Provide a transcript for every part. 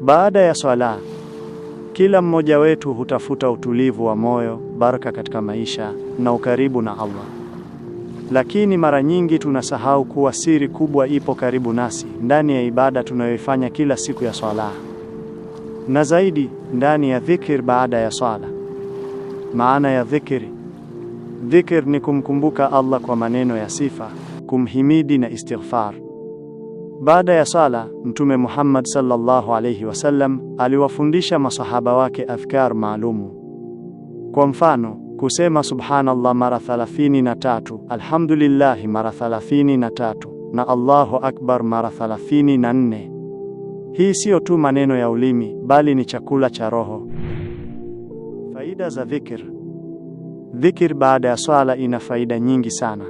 Baada ya swala, kila mmoja wetu hutafuta utulivu wa moyo, baraka katika maisha na ukaribu na Allah. Lakini mara nyingi tunasahau kuwa siri kubwa ipo karibu nasi ndani ya ibada tunayoifanya kila siku ya swala, na zaidi ndani ya dhikir baada ya swala. Maana ya dhikri: dhikir ni kumkumbuka Allah kwa maneno ya sifa, kumhimidi na istighfar. Baada ya sala, Mtume Muhammad sallallahu alayhi wasallam aliwafundisha masahaba wake adhkar maalumu. Kwa mfano, kusema subhanallah mara 33, alhamdulillahi mara 33 na Allahu akbar mara 34. Hii siyo tu maneno ya ulimi, bali ni chakula cha roho. Faida za dhikr. Dhikr baada ya swala ina faida nyingi sana.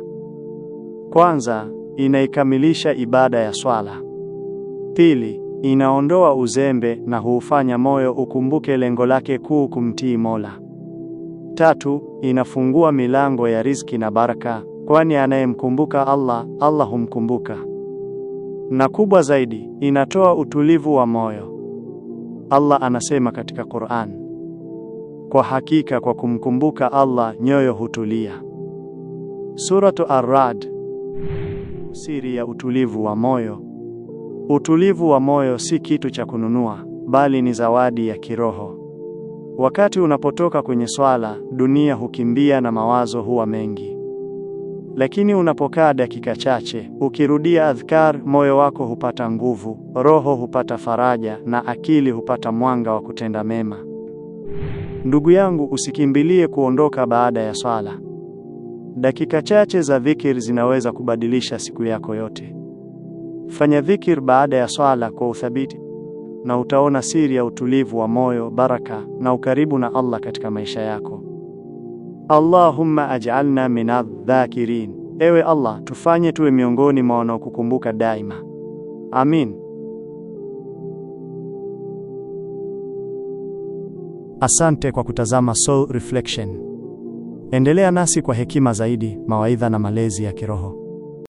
Kwanza, inaikamilisha ibada ya swala. Pili, inaondoa uzembe na huufanya moyo ukumbuke lengo lake kuu, kumtii Mola. Tatu, inafungua milango ya riziki na baraka, kwani anayemkumbuka Allah, Allah humkumbuka. Na kubwa zaidi, inatoa utulivu wa moyo. Allah anasema katika Qur'an, kwa hakika kwa kumkumbuka Allah nyoyo hutulia. Suratu Ar-Ra'd. Siri ya utulivu wa moyo. Utulivu wa moyo si kitu cha kununua, bali ni zawadi ya kiroho. Wakati unapotoka kwenye swala, dunia hukimbia na mawazo huwa mengi. Lakini unapokaa dakika chache, ukirudia adhkar, moyo wako hupata nguvu, roho hupata faraja na akili hupata mwanga wa kutenda mema. Ndugu yangu, usikimbilie kuondoka baada ya swala. Dakika chache za dhikir zinaweza kubadilisha siku yako yote. Fanya dhikir baada ya swala kwa uthabiti na utaona siri ya utulivu wa moyo, baraka na ukaribu na Allah katika maisha yako. Allahumma aj'alna min adh-dhakirin, ewe Allah tufanye tuwe miongoni mwa wanaokukumbuka daima. Amin. Asante kwa kutazama Soul Reflection. Endelea nasi kwa hekima zaidi, mawaidha na malezi ya kiroho.